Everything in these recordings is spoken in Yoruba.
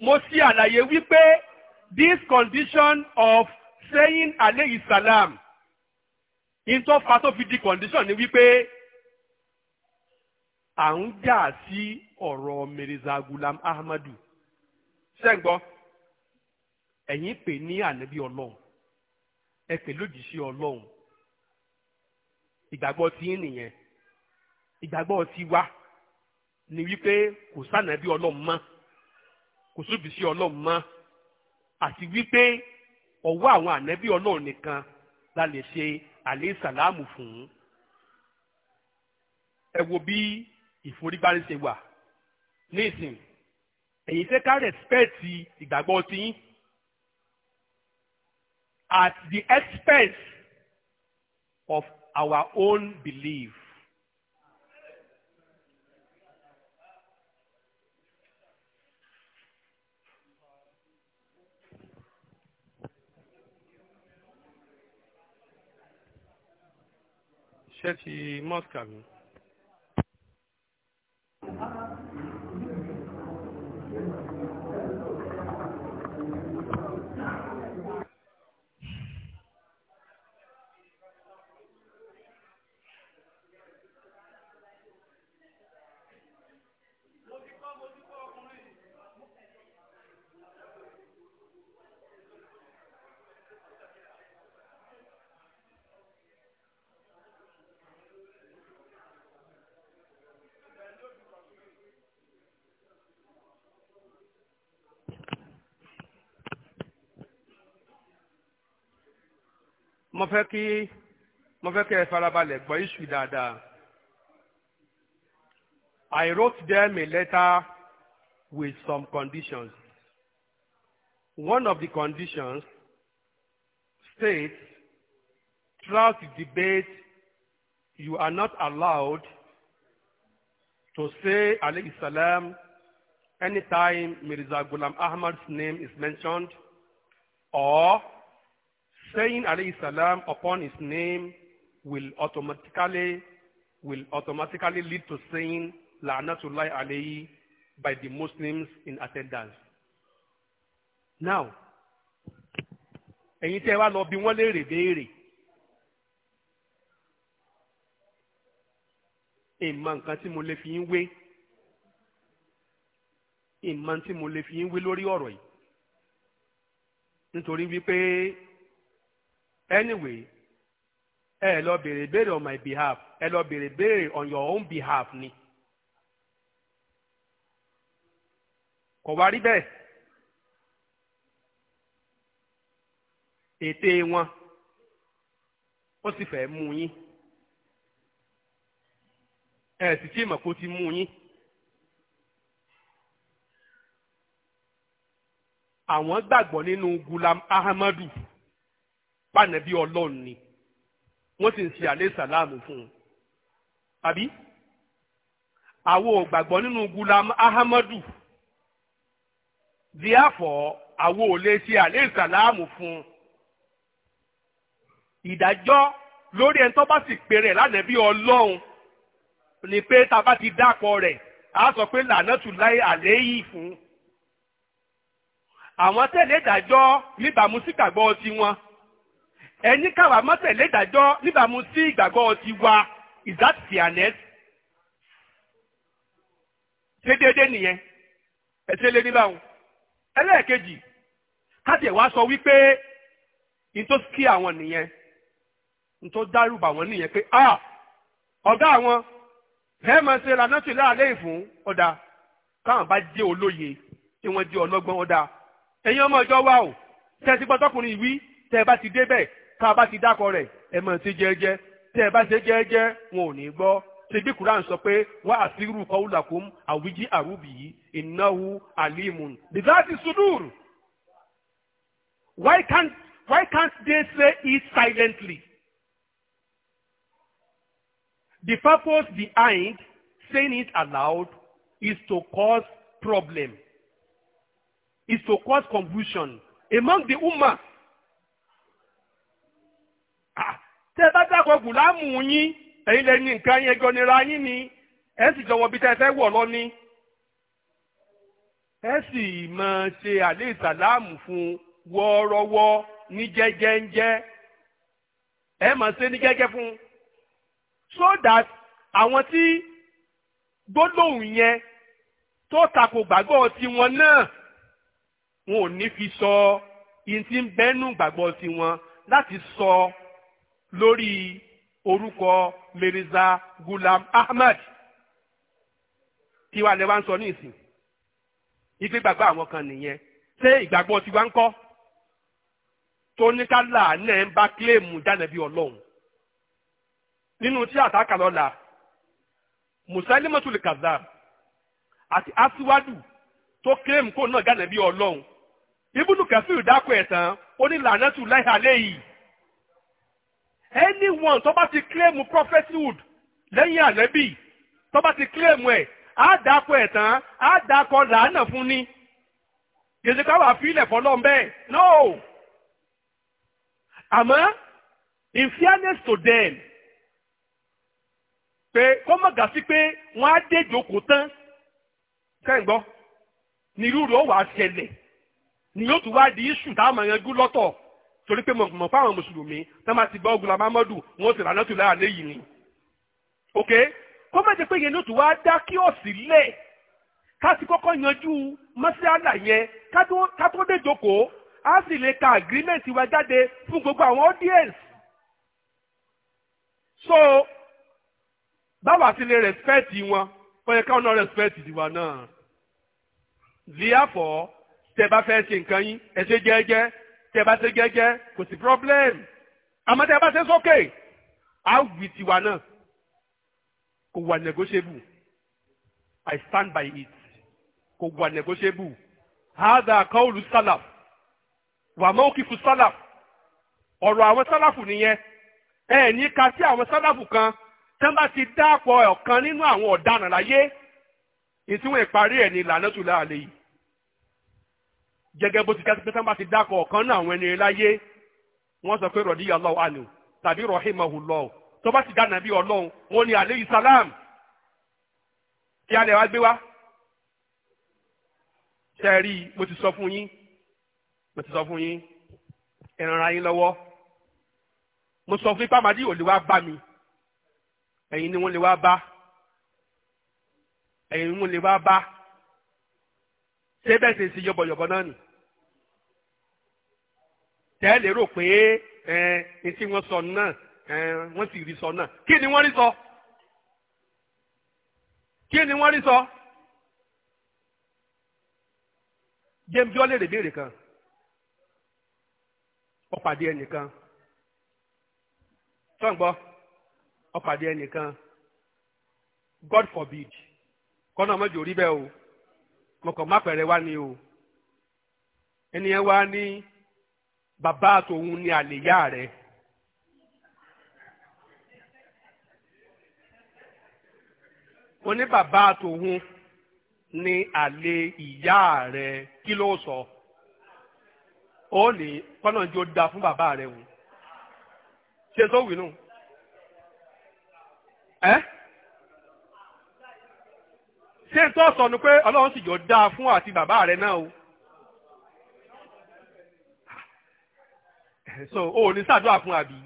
mo ṣe àlàyé wípé this condition of saying aleyhi salam in tó fa tó fi di condition ni wípé à ń jà sí ọ̀rọ̀ Mirza Gulam Ahmadu ṣẹ́ǹgbọ́ ẹ̀yin pè ní ànábì ọlọ́run ẹ pè lójìṣẹ́ ọlọ́run ìgbàgbọ́ ti ń nìyẹn ìgbàgbọ́ ti wá ni wípé kò sànàbí ọlọ́run mọ́ kò sóbi sí ọlọ́run mọ́ àti wípé ọwọ́ àwọn ànẹ́bí ọlọ́run nìkan la lè ṣe àlẹ́ sàlámù fún ẹ wo bí ìforígbárí ṣe wà nísìn ẹ̀yin fẹ́ ká rẹ̀spẹ̀tì ìgbàgbọ́ tiyín at the expense of our own belief ṣé ti mosque àmì. mo fẹ́ kí mo fẹ́ kí ẹ farabalẹ̀ gbọ́ issue dáadáa. I wrote them a letter with some conditions. One of the conditions states, throughout the debate, you are not allowed to say alayhi salam anytime Mirza Ghulam Ahmad's name is mentioned or saying alayhi salam upon his name will automatically will automatically lead to saying la'natullah alayhi by the Muslims in attendance. Now, ẹ̀yin tẹ́ wá lọ bí wọ́n léèrè béèrè. Ìmọ̀ nǹkan tí mo lè fi ń wé. Ìmọ̀ tí mo lè fi ń wé lórí ọ̀rọ̀ yìí. Nítorí wípé anyway ẹ lọ béèrè béèrè on my behalf ẹ lọ béèrè béèrè on your own behalf ni. kò wá rí bẹ́ẹ̀ ète wọn ó sì fẹ́ mú yín ẹ sì tí ti mú yín. àwọn gbàgbọ́ nínú Gulam Ahmadu. pànàbí ọlọ́run ni wọ́n sì ń ṣe àlẹ́ sàlámù fún un àbí àwọn ò gbàgbọ́ nínú gulam ahamadu díàfọ̀ àwọn ò lè ṣe àlẹ́ sàlámù fún un ìdájọ́ lórí ẹni tó bá sì pèrè lánàbí ọlọ́run ni pé tá bá ti dápọ̀ rẹ̀ a sọ pé lànàtù láì àlẹ́ yìí fún un àwọn tẹ̀lé ìdájọ́ níbàámu sí gbàgbọ́ tiwọn ẹni káwa mọ́tẹ̀lé ìdájọ́ níbàámu sí ìgbàgbọ́ ti wa is that fairness? ṣé déédéé nìyẹn ẹ̀sẹ̀ lé níbàámu. ẹlẹ́ẹ̀kejì káṣíẹ̀ wá sọ wípé n tó kí àwọn nìyẹn n tó dárúbà wọn nìyẹn pé ah ọ̀gá àwọn ẹ máa ṣe lànàtì láàlẹ́ ìfún ọ̀dà káwọn bá jẹ́ olóye tí wọ́n jẹ́ ọlọ́gbọ́n ọ̀dà ẹ̀yin ọmọ ìjọ wa o tẹ̀sí gbọ́tọ́kùnrin ìwí tẹ̀ bá ti débẹ̀ ká bá ti dákọ rẹ̀ ẹ máa ṣe jẹ́ẹ́jẹ́ tẹ́ ẹ bá ṣe jẹ́ẹ́jẹ́ wọn ò ní gbọ́ ṣebí Quran sọ pé wá àṣírù kọ́wùlàkùn àwíjí àrùbì ìnáwó àlímùn bìláàtì sudur why can't why can't they say it silently the purpose behind saying it aloud is to cause problem is to cause confusion among the Umma tẹ́ bá dàgbọ́ gùlámù yín ẹ̀yin lẹ́ni nǹkan yẹn gan nira yín ni ẹ̀ sì jọ̀wọ́ bí tẹ́ fẹ́ wọ̀ lọ ni ẹ sì máa ṣe àlẹ́ ìsàlámù fún wọ́ọ́rọ́wọ́ ní jẹ́jẹ́ńjẹ́ ẹ máa ṣe ní gẹ́gẹ́ fún so that àwọn tí gbólóhùn yẹn tó tako gbàgbọ́ tiwọn náà wọn ò ní fi sọ ihun tí ń bẹ́nu gbàgbọ́ tiwọn láti sọ lórí orúkọ Mirza Gulam Ahmed, tiwa lẹ́wà ń sọ ní ìsìn ife gbàgbọ́ àwọn kan nìyẹn ṣé ìgbàgbọ́ tiwa ń kọ́ tóníkàlà náà ń bá kílèmù jánàbí ọlọ́run nínú tí àtàkà lọ́la Musalimatul Kazzab àti Asiwadu tó kílèmù kó náà jánàbí ọlọ́run ibùdókẹ́sì ìdákọ̀ ẹ̀sán ó ní làánẹ́tù láìhàlẹ́ yìí anyone tó bá ti claim prophethood lẹ́yìn àlẹ́bí tó bá ti claim ẹ̀ á dákọ̀ ẹ̀ tán á dákọ̀ làánà fún ni yèsì ká wà fílẹ̀ fọlọ́n bẹ́ẹ̀ no àmọ́ in fairness to them pé kó má gà sí pé wọ́n á dé ìjókòó tán kẹ́ǹgbọ́ ni irú rẹ̀ ó wà á ṣẹlẹ̀ ni yóò tún wá di iṣu tá a mọ̀ yanjú lọ́tọ̀ torí pé mọ̀ fáwọn mùsùlùmí tá máa ti bá ogun lamamadu wọn sì rànà tó láyà léyìí ni. ok kó má jẹ́ pé yẹn ló tún wáá dá kí ọ̀sì lẹ̀ ká sì kọ́kọ́ yanjú mọ́sálà yẹn ká tó dé jókòó á sì lè ka agreement wa jáde fún gbogbo àwọn audience. so báwa sì lè respect wọn ó yẹ káwọn náà respect tiwa náà. therefore tẹ́ bá fẹ́ ṣe nǹkan yín ẹ ṣe jẹ́ẹ́jẹ́ tẹ́ bá ṣe gẹ́gẹ́ kò sí problem àmọ́ tẹ́ bá ṣe sókè á wì tiwa náà kò wà negotiable I stand by it kò wà negotiable hada kawlu salaf wà mawkifu salaf ọ̀rọ̀ àwọn sálàfù nìyẹn ẹ ní ka sí àwọn sálàfù kan tẹ́ bá ti dáàpọ̀ ọ̀kan nínú àwọn ọ̀daràn láyé ìtúwọ̀n ìparí ẹ̀ ní lànà tó láàlẹ́ yìí gẹ́gẹ́ bó ti kẹ́sí pé sábà ti dákọ̀ ọ̀kan náà àwọn ẹni láyé wọ́n sọ pé rọ̀díyà lọ́wọ́ àlò tàbí rọ̀hìmọ̀hù lọ́wọ́ tó bá ti dá nàbí ọlọ́run wọn ni àlẹ́ ìsàlám kí alẹ́ wa gbé wá. ṣe rí i mo ti sọ fún yín mo ti sọ fún yín ẹ̀ràn yín lọ́wọ́ mo sọ fún ipá màdí ò wá bá mi ẹ̀yin ni wọ́n lè wá bá ẹ̀yin ni wọ́n lè wá bá. ṣé bẹ́ẹ̀ si ṣe náà nì. tẹ́ lérò pé ẹ tí wọ́n sọ náà wọ́n sì rí sọ náà kí ni sọ kí ni wọ́n rí sọ. james yọ léèrè béèrè kan ọ̀pàdé ẹnìkan tọ́ǹgbọ́ ọ̀pàdé ẹnìkan god forbid kọ́nà ọmọdé o. mo kàn má pẹ̀rẹ̀ wá ni o ẹni yẹn wá ní bàbá àtòun ni àlèyá rẹ̀. ó ní bàbá àtòun ni àlè ìyá rẹ̀ kí ló sọ ó ní kọ́nà jó da fún bàbá rẹ̀ wò ṣe tó wí nù. ẹ́ eh? ṣé n tó sọ ni pé ọlọ́run sì jọ dáa fún àti bàbá rẹ náà o. Eh, so o ò ní ṣàdúrà fún àbí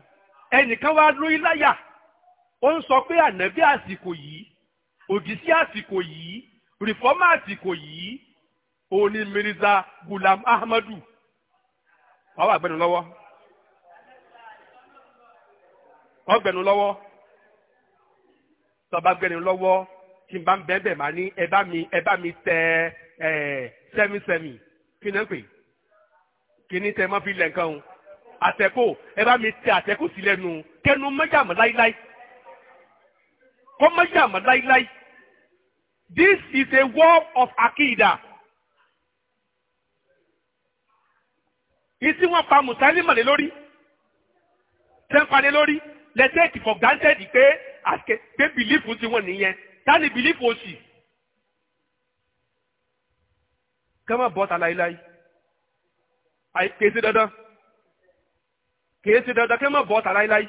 ẹnìkan wá lóyún láyà ó ń sọ pé ànábì àsìkò yìí òjísí àsìkò yìí rìfọ́mà àsìkò yìí òun ni Mirza Gulam Ahmadu wọ́n wà gbẹ̀nu lọ́wọ́ wọ́n gbẹ̀nu lọ́wọ́ tọ́ba gbẹ̀nu lọ́wọ́ tí n bá ń bẹ́ẹ̀ máa ní ẹ bá mi ẹ bá mi tẹ ẹ sẹ́mísẹ́mì kí ni ẹ pè kí tẹ mọ́ fi lẹ̀ nǹkan o àtẹ̀kò ẹ bá mi tẹ àtẹ̀kò sí lẹ́nu kẹnu mẹ́jàmọ́ láíláí kọ́ mẹ́jàmọ́ láíláí this is a war of akida. Isi wọn pa Mùsálímà lé lórí, tẹ́ńpa lé lórí, let's take for granted pé àti pé bìlífù tiwọn nìyẹn táni bìlífù òsì kẹ́ má bọ́ta láíláí kèé ṣe dandan kèé ṣe dandan kẹ́ má bọ́ta láíláí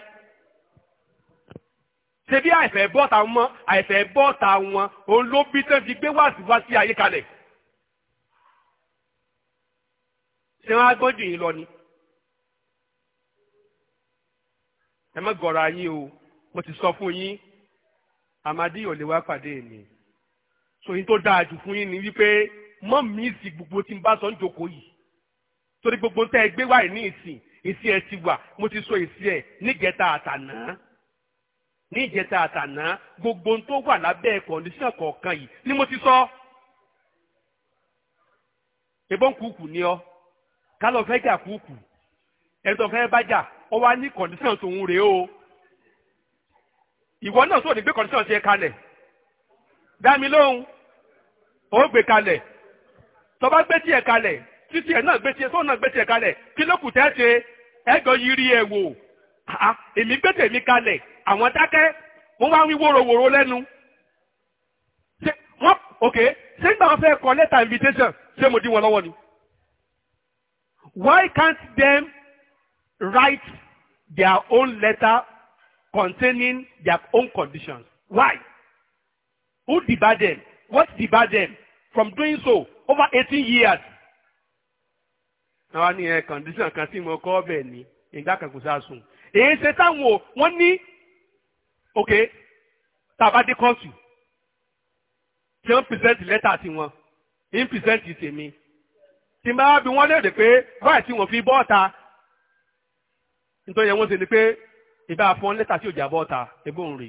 ṣe bí àìfẹ́ bọ́ta wọn àìfẹ́ bọ́ta wọn òun ló bí tán fi gbé wàásíwàásí ayé kalẹ̀ ṣé wọn á gbọ́n jù yín lọ ni. o mo ti sọ fún yín amadi ò lè wá pàdé mi sòyìn tó dáa jù fún yín ni wípé mọ́ mi sì gbogbo tí n bá sọ ń jókòó yìí torí gbogbo tẹ́ ẹ gbé wáyé ní ìsìn èsì ẹ ti wà mo ti sọ èsì ẹ níjẹta àtàná níjẹta àtàná gbogbo tó wà lábẹ́ kọ̀ǹdíṣàn kọ̀ọ̀kan yìí ni mo ti sọ. ebọn kúkú ni ọ kálọ̀ fẹ́ jà kúkú ẹ̀tọ́ fẹ́ bá jà ọ wá ní kọ̀ǹdíṣàn tòun rèé o ìwọ náà tó ní gbé condition ṣe kalẹ̀ dá mi lóhùn ó gbé kalẹ̀ tó bá gbé tiẹ̀ kalẹ̀ títí ẹ̀ náà gbé tiẹ̀ tó náà gbé tiẹ̀ kalẹ̀ kí ló kù tẹ́ ṣe ẹ̀jọ̀ yiri ẹ̀ wò èmi gbé tèmi kalẹ̀ àwọn dákẹ́ wọ́n wá wí wóróworó lẹ́nu wọ́n ok ṣé ń gbà wọ́n fẹ́ kọ lẹ́tà invitation ṣé mo dí wọn lọ́wọ́ ni. Why can't them write their own letter containing their own conditions. Why? Who debarred them? What debarred them from doing so over 18 years? Àwọn ni ẹ condition kan tí mo kọ́ bẹ́ẹ̀ ni ìgbà kan kò sá sùn. Èyí ṣe táwọn o, wọ́n ní okay tàbá dé kóòtù tí wọ́n present lẹ́tà sí wọn, in present tèmi. Tí n bá wá bí wọ́n léèrè pé báyìí tí wọ́n fi bọ́ ọ̀ta nítorí yẹn wọ́n ṣe ni pé ìbá fún ọ lẹ́tà tí ò jábọ́ ta egbòhùn rè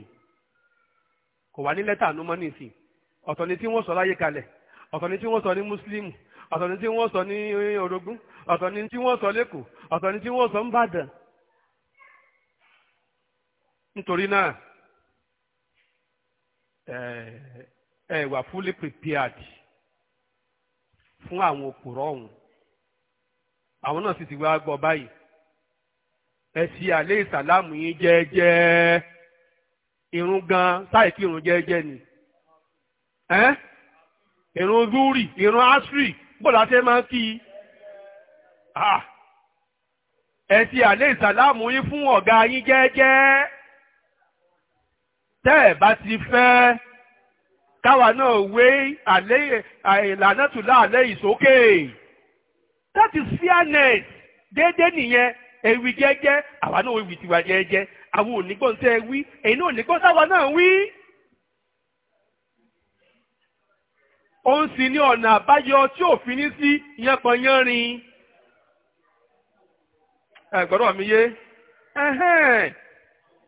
kò wá ní lẹ́tà ló mọ́ nísìn ọ̀tọ̀ ni tí wọ́n sọ láyé kalẹ̀ ọ̀tọ̀ ni tí wọ́n sọ ní muslim ọ̀tọ̀ ni tí wọ́n sọ ní orogún ọ̀tọ̀ ni tí wọ́n sọ lẹ́kọ̀ọ́ ọ̀tọ̀ ni tí wọ́n sọ ń bàdàn nítorí náà ẹ wà fully prepared fún àwọn òpùrọ̀ ọ̀hún àwọn náà sì ti wá gbọ́ báyìí ẹ sì àlẹ́ ìsàlámù yín jẹ́ẹ́jẹ́ irun gan sáì kí irun jẹ́ẹ́jẹ́ ni ẹ́ irun zuri irun asri bọ́lá tẹ́ máa ń kí i ẹ sì àlẹ́ ìsàlámù yín fún ọ̀gá yín jẹ́ẹ́jẹ́ tẹ́ ẹ̀ bá ti fẹ́ káwa náà wé àlẹ́ ìlànà tó láàlẹ́ ìsókè that is fairness déédéé nìyẹn. Ewi jẹ́jẹ́ àwa náà wí tiwa jẹ́jẹ́ àwọn onígbọ̀n tẹ́ ẹ wí ẹ̀yin náà onígbọ̀n táwa náà wí. ó ń sin ní ọ̀nà àbáyọ tí òfin ní sí yánpọnyánrin. ẹ gbọ́dọ̀ mi yé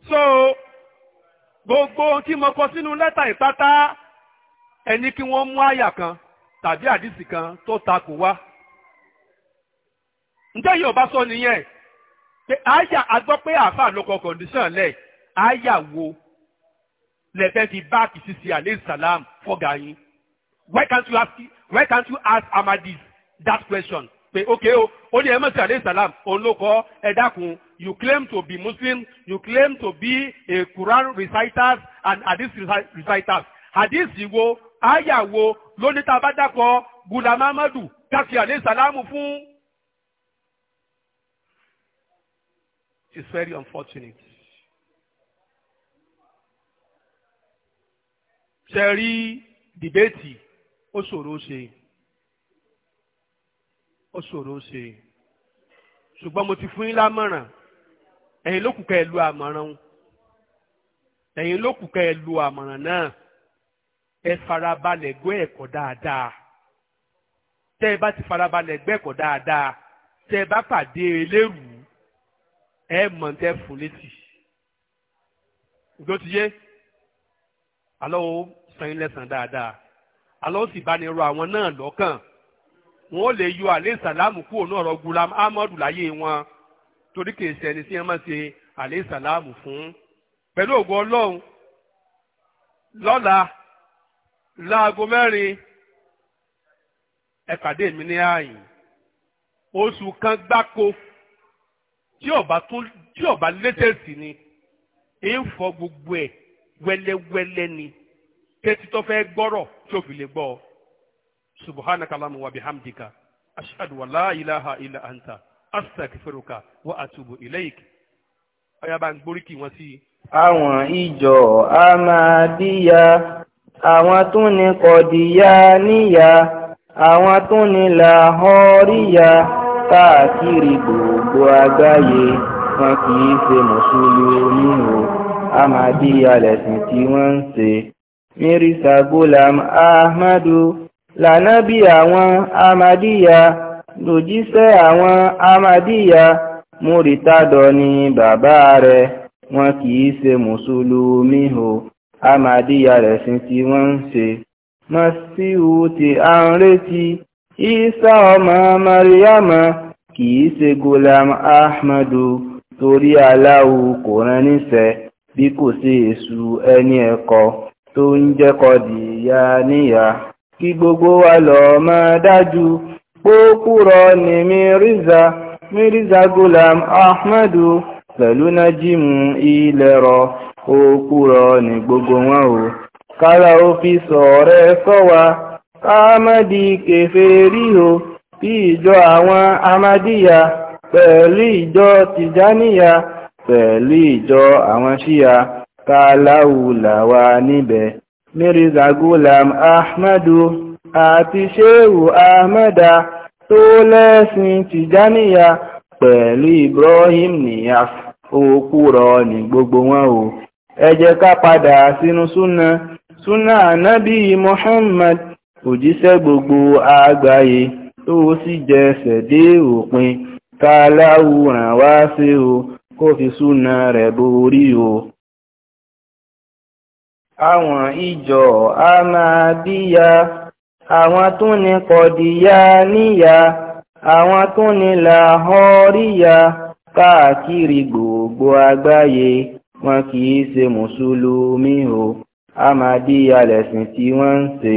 so gbogbo tí mo kọ sínú lẹ́tà ìpátá ẹni kí wọ́n mú àyà kan tàbí àdìsí kan tó takò wá. ǹjẹ́ yóò bá sọ nìyẹn àyà agbọ́ pé àáfàá ló condition lẹ̀ àyà wo lẹ́fẹ́ fi báàkì sisi aleyhi salam fọ́gà yín why can't you ask why can't you ask Ahmadis that question pé okay o ó ní ẹ̀mọ́sí aleyhi salam òun ló kọ ẹ dákun you claim to be Muslim you claim to be a Quran reciter and hadith reciter. hadith wo àyà wo lónìí tá a bá dàpọ̀ Ghulam Ahmadu káfíà aleyhi salam fún. is very unfortunate. ṣe rí dìbẹ́tì ó ṣòro ṣe ó ṣòro ṣe ṣùgbọ́n mo ti fún yín lámọ̀ràn ẹ̀yin ló kù ká ẹ lu àmọ̀ràn ẹ̀yin ló kù àmọ̀ràn náà ẹ farabalẹ̀ gbọ́ ẹ̀kọ́ dáadáa tẹ́ ẹ bá ti farabalẹ̀ gbọ́ ẹ̀kọ́ dáadáa tẹ́ ẹ bá pàdé eléwu ẹ mọ̀ tẹ́ fún létí ìgbó ti yé alọ́ ó san ilẹ̀ san dáadáa alọ́ ó sì bá ní ro àwọn náà lọ́kàn wọn ó lè yọ àlẹ́ ìsàlámù kúrò náà ọ̀rọ̀ gulam amadu láyé wọn torí kìí ṣe ẹni tí wọ́n máa ṣe àlẹ́ ìsàlámù fún pẹ̀lú ògo ọlọ́run lọ́la láago mẹ́rin ẹ pàdé mi ní ààyè oṣù kan gbáko tí ọba tó tí ọba létẹ̀sì ni e ń fọ gbogbo ẹ̀ wẹ́lẹ́wẹ́lẹ́ ni tẹ́tí fẹ́ gbọ́rọ̀ tí ò fi lè gbọ́ ọ. subhanaka wa bihamdika ashhadu wa ilaha illa anta astaghfiruka wa atubu ilayk. ọ̀yá bá wọn sí àwọn ìjọ Ahmadiyya àwọn tún ní Kọ̀díyà níyà àwọn tún ní Làhọ́ríyà káàkiri gbogbo àgbáyé wọn kì í ṣe mùsùlùmí o Ahmadiyya lẹ̀sìn tí wọ́n ń ṣe. Mirisa Gulam Ahmadu lànábì àwọn Ahmadiyya lòjíṣẹ́ àwọn Ahmadiyya múrítàdọ̀ ni bàbá rẹ̀ wọn kì í ṣe mùsùlùmí o Ahmadiyya lẹ̀sìn tí wọ́n ń ṣe. Masihu tí a ń retí. isa ọmọ mariama kìí ṣe gulam ahmadu torí aláwo kò rán níṣẹ́ bí kò sí èṣù ẹni ẹ̀kọ́ tó ń jẹ́kọ̀ ya níyà kí gbogbo wa lọ máa dájú pókúrọ ni mírízà mírízà gulam ahmadu pẹ̀lú nájímù ilẹ̀rọ òkúrọ ni gbogbo wọn o kára ó fi sọ̀rẹ́ sọ́wa kámẹ́dì kèfèrí o bí ìjọ àwọn amadíyà pẹ̀lú ìjọ tìjáníyà pẹ̀lú ìjọ àwọn ṣíyà káláwùláwà níbẹ̀ Mirza Gulam Ahmadu àti Ṣéhù Ahmada tó lẹ́sìn tìjáníyà pẹ̀lú Ibrahim Niyas òkúrọ ní gbogbo wọn o ẹ jẹ́ ká padà sínú súnà súnà nábì Muhammad òjíṣẹ́ gbogbo àgbáyé tó sì jẹsẹ̀ dé òpin ká láwù ràn wá sí o kó fi súnà rẹ̀ borí o àwọn ìjọ Ahmadiyya àwọn tó ní kọ̀díyà níyà àwọn tó ní làhọ́ríyà káàkiri gbogbo àgbáyé wọn kìí ṣe mùsùlùmí o Ahmadiyya lẹ̀sìn tí wọ́n ń ṣe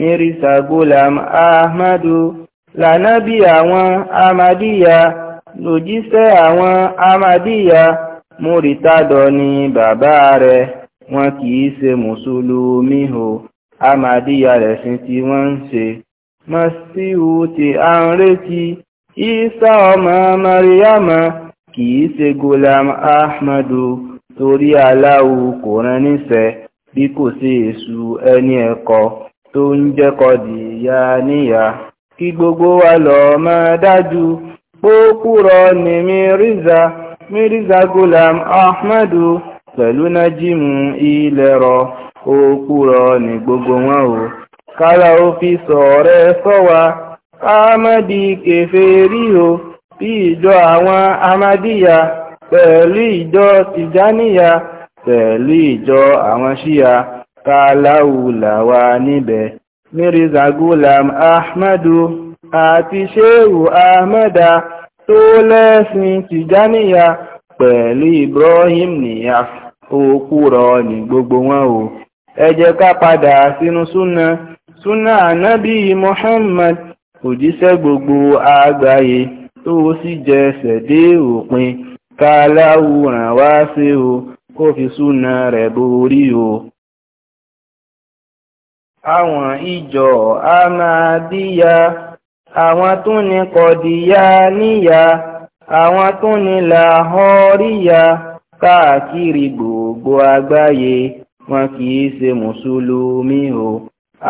mírísà gulam ahmadu lànábì àwọn amadíyà lòjíṣẹ́ àwọn amadíyà múrítàdọ̀ ni bàbá rẹ̀ wọn kìí ṣe mùsùlùmí o amadíyà lẹ̀sìn tí wọ́n ń ṣe masihu tí a ń retí isa ọmọ mariama kìí ṣe gulam ahmadu torí aláwo kò rán níṣẹ́ bí kò sí èṣù ẹni ẹ̀kọ́ tó ń jẹ́ kọdìyà níyà kí gbogbo wa lọ máa dájú pókúrọ ni mírízà mírízà gulam ahmadu pẹ̀lú nájímù ilẹ̀rọ òkúrọ ni gbogbo wọn o kára ó fi sọ̀rẹ́ sọ́wa ahmadi kèfèrí o bí ìjọ àwọn amadíyà pẹ̀lú ìjọ tìjáníyà pẹ̀lú ìjọ àwọn ṣíyà fàlàwùlà wà níbẹ̀ mírízà gulam ahmadu àti shehu ahmada tó lẹ́sìn tìjáníyà pẹ̀lú ibrahim nìyà òkú rọ ní gbogbo wọn o ẹ ká padà sínú súnà súnà ànábì muhammad òjíṣẹ́ gbogbo àgbáyé tó sì jẹsẹ̀ dé òpin ká láwùrán wá sí o kó fi súnà rẹ̀ borí o àwọn ìjọ amadíyà àwọn tó ní kọdíyà níyà àwọn tó ní làhọ́ríyà káàkiri gbogbo àgbáyé wọn kì í ṣe mùsùlùmí o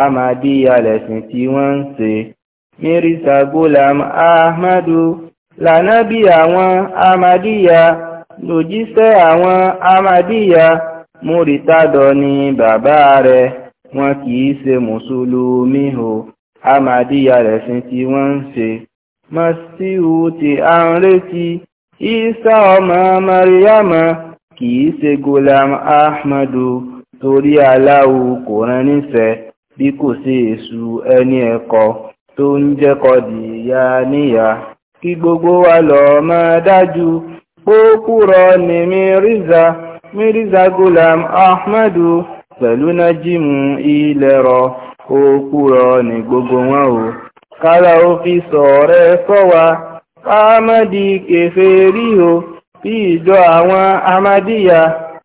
amadíyà lẹ̀sìn tí wọ́n ń ṣe mírísà gulam ahmadu lànábì àwọn amadíyà lòjíṣẹ́ àwọn amadíyà múrítàdọ̀ ni bàbá rẹ̀ wọn kì í ṣe mùsùlùmí o amadíyà lẹ̀sìn tí wọ́n ń ṣe masihu tí a ń retí isa ọmọ mariama kì í ṣe gulam ahmadu torí aláwo kò rán níṣẹ́ bí kò sí èṣù ẹni ẹ̀kọ́ tó ń jẹ́kọ̀ dìyà níyà kí gbogbo wa lọ máa dájú ó kúrọ ní mírízà mírízà gulam ahmadu pẹ̀lú nájímù ilẹ̀rọ òkúrọ ní gbogbo wọn o kára ó fi sọ̀rẹ́ fọ́wa amadi kèfè rí o bí ìjọ àwọn amadíyà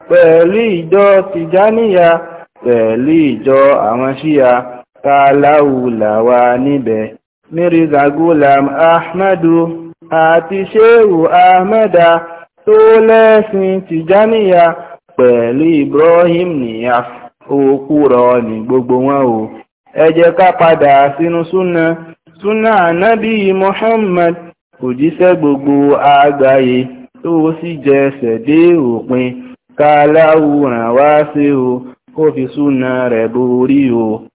pẹ̀lú ìjọ tìjáníyà pẹ̀lú ìjọ àwọn ṣíyà káláwùlàwà níbẹ̀ mírízà gulam ahmadu àti ṣéhù ahmada tó lẹ́sìn tìjáníyà pẹ̀lú ibrahim niyas òkú rọ̀ ní gbogbo wọn o ẹ ká padà sínú súnà súnà ànábì Muhammad òjíṣẹ́ gbogbo àgbáyé tó sì jẹsẹ̀ dé òpin ká láwùrán wá sí o kó fi súnà rẹ̀ o